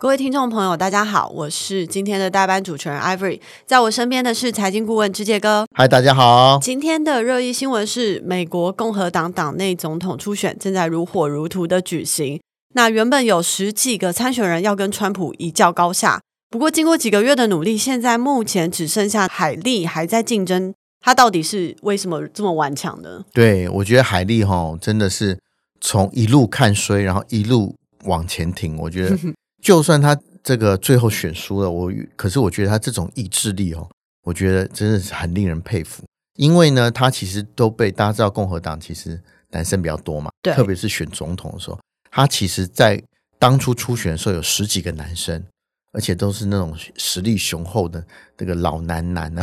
各位聽眾朋友，大家好，我是今天的代班主持人 Ivory，在我身邊的是財經顧問之杰哥。嗨，大家好。今天的熱議新聞是美國共和黨黨內總統初選正在如火如荼的舉行。那原本有十幾個參選人要跟川普一較高下，不過經過幾個月的努力，現在目前只剩下海莉還在競爭。他到底是為什麼這麼頑強呢？對，我覺得海莉哈真的是從一路看衰，然後一路往前挺。我覺得。 就算他這個最後選輸了，我可是我覺得他這種意志力哦，我覺得真的是很令人佩服。因為呢，他其實都被大家知道，共和黨其實男生比較多嘛，對特別是選總統的時候，他其實，在當初初選的時候有十幾個男生，而且都是那種實力雄厚的這個老男男啊，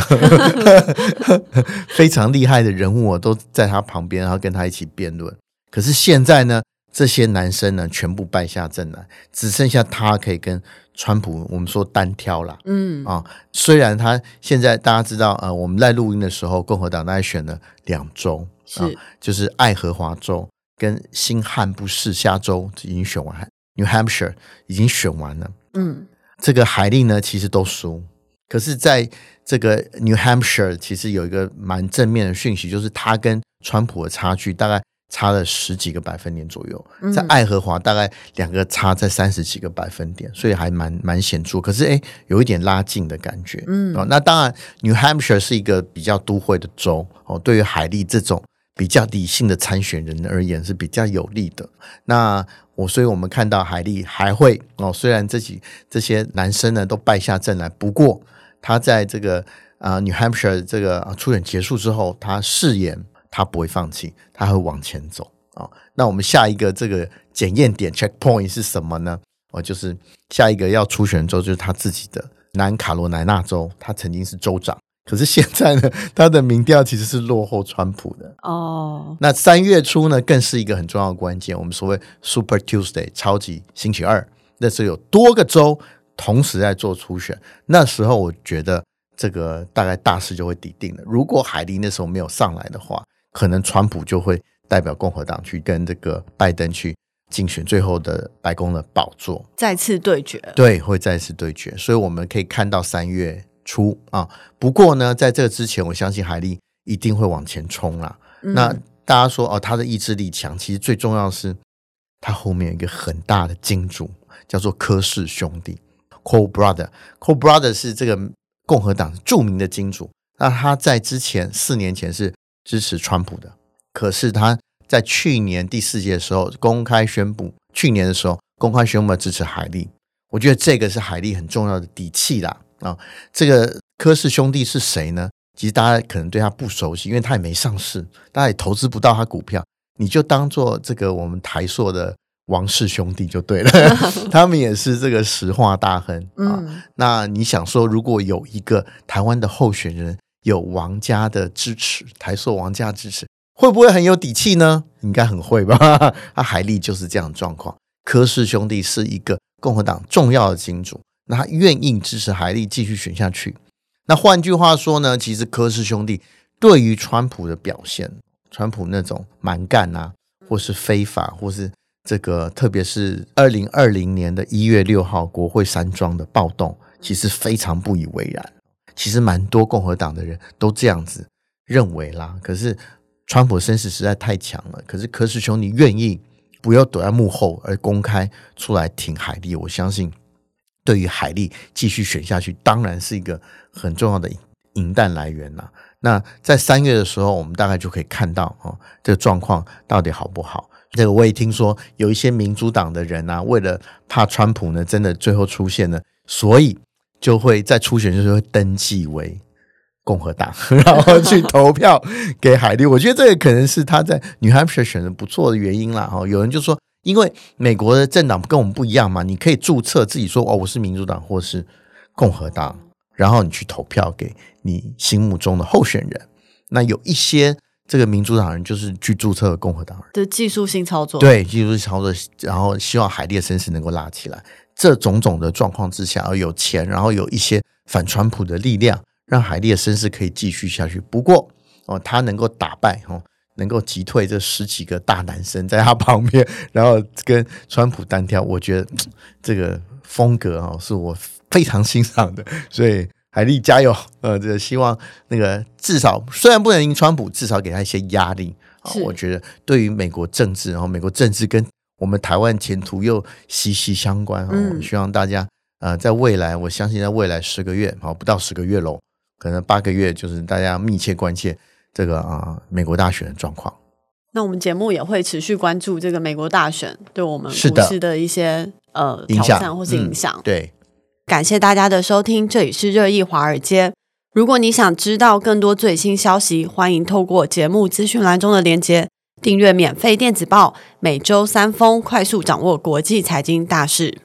非常厲害的人物哦，都在他旁邊，然後跟他一起辯論。可是現在呢？這些男生呢，全部敗下陣來，只剩下他可以跟川普我們說單挑了。嗯啊、嗯，雖然他現在大家知道，呃，我們在錄音的時候，共和黨大概選了兩州啊，就是愛荷華州跟新罕布夏州已經選完，New Hampshire 已經選完了。嗯，這個海莉呢，其實都輸，可是在這個 New Hampshire 其實有一個蠻正面的訊息，就是他跟川普的差距大概。差了十幾個百分點左右，在愛荷華大概兩個差在三十幾個百分點，嗯、所以還蠻蠻顯著。可是哎，有一點拉近的感覺，嗯、哦、那當然，New Hampshire 是一個比較都會的州哦。對於海莉這種比較理性的參選人而言是比較有利的。那我所以我們看到海莉還會哦，雖然自己這些男生呢都敗下陣來，不過他在這個啊、呃、New Hampshire 這個初選、啊、結束之後，他誓言。他不會放棄，他會往前走啊、哦。那我們下一個這個檢驗點 check point 是什麼呢？哦，就是下一個要初選的州就是他自己的南卡羅來納州。他曾經是州長，可是現在呢，他的民調其實是落後川普的哦。Oh. 那三月初呢，更是一個很重要的關鍵。我們所謂 Super Tuesday 超級星期二，那時候有多個州同時在做初選。那時候我覺得這個大概大勢就會抵定了。如果海莉那時候沒有上來的話，可能川普就會代表共和黨去跟這個拜登去競選最後的白宮的寶座，再次對決。對，會再次對決。所以我們可以看到三月初啊。不過呢，在這個之前，我相信海莉一定會往前衝啦。嗯、那大家說哦，他的意志力強。其實最重要是，他後面有一個很大的金主，叫做科氏兄弟 Koch Brothers，Koch Brothers 是這個共和黨著名的金主。那他在之前四年前是。支持川普的。可是他在去年第四季的時候公開宣布，去年的時候公開宣布支持海莉，我覺得這個是海莉很重要的底氣啦。啊，這個柯氏兄弟是誰呢？其實大家可能對他不熟悉，因為他也沒上市，大家也投資不到他股票。你就當做這個我們台塑的王氏兄弟就對了，他們也是這個石化大亨。啊。那你想說，如果有一個台灣的候選人有王家的支持，台塑王家的支持會不會很有底氣呢？應該很會吧。哈哈哈。那海莉就是這樣的狀況，柯氏兄弟是一個共和黨重要的金主，那他願意支持海莉繼續選下去。那換句話說呢，其實柯氏兄弟對於川普的表現，川普那種蠻幹啊，或是非法，或是這個，特別是二零二零年的一月六號國會山莊的暴動，其實非常不以為然。其實蠻多共和黨的人都這樣子認為啦。可是川普的聲勢實在太強了。可是柯氏兄，你願意不要躲在幕後，而公開出來挺海莉，我相信，對於海莉繼續選下去，當然是一個很重要的銀彈來源啦。那在三月的時候，我們大概就可以看到哦，這個狀況到底好不好？這個我也聽說，有一些民主黨的人啊，為了怕川普呢，真的最後出現呢，所以。就會在初選的時候登記為共和黨，然後去投票給海莉。 我覺得這個可能是他在新罕布夏選的不錯的原因啦。哈。有人就說，因為美國的政黨跟我們不一樣嘛，你可以注冊自己說哦，我是民主黨或是共和黨，然後你去投票給你心目中的候選人。那有一些這個民主黨人就是去注冊共和黨人的技術性操作，對技術性操作，然後希望海莉的聲勢能夠拉起來。這種種的狀況之下，要有錢，然後有一些反川普的力量，讓海莉的身世可以繼續下去。不過，哦，他能夠打敗，哦，能夠擊退這十幾個大男生在他旁邊，然後跟川普單挑，我覺得這個風格啊，是我非常欣賞的。所以，海莉加油！呃，這個希望那個至少雖然不能贏川普，至少給他一些壓力啊。我覺得對於美國政治，然後美國政治跟。我們台灣前途又息息相關啊！嗯、我希望大家、呃、在未來，我相信在未來十個月，好、哦、不到十個月嘍，可能八個月，就是大家密切關切這個啊、呃、美國大選的狀況。那我們節目也會持續關注這個美國大選對我們股市的一些的呃影響挑戰或是影響。嗯、對，感謝大家的收聽，這裡是熱議華爾街。如果你想知道更多最新消息，歡迎透過節目資訊欄中的連接。訂閱免費電子報，每周三封，快速掌握國際財經大事。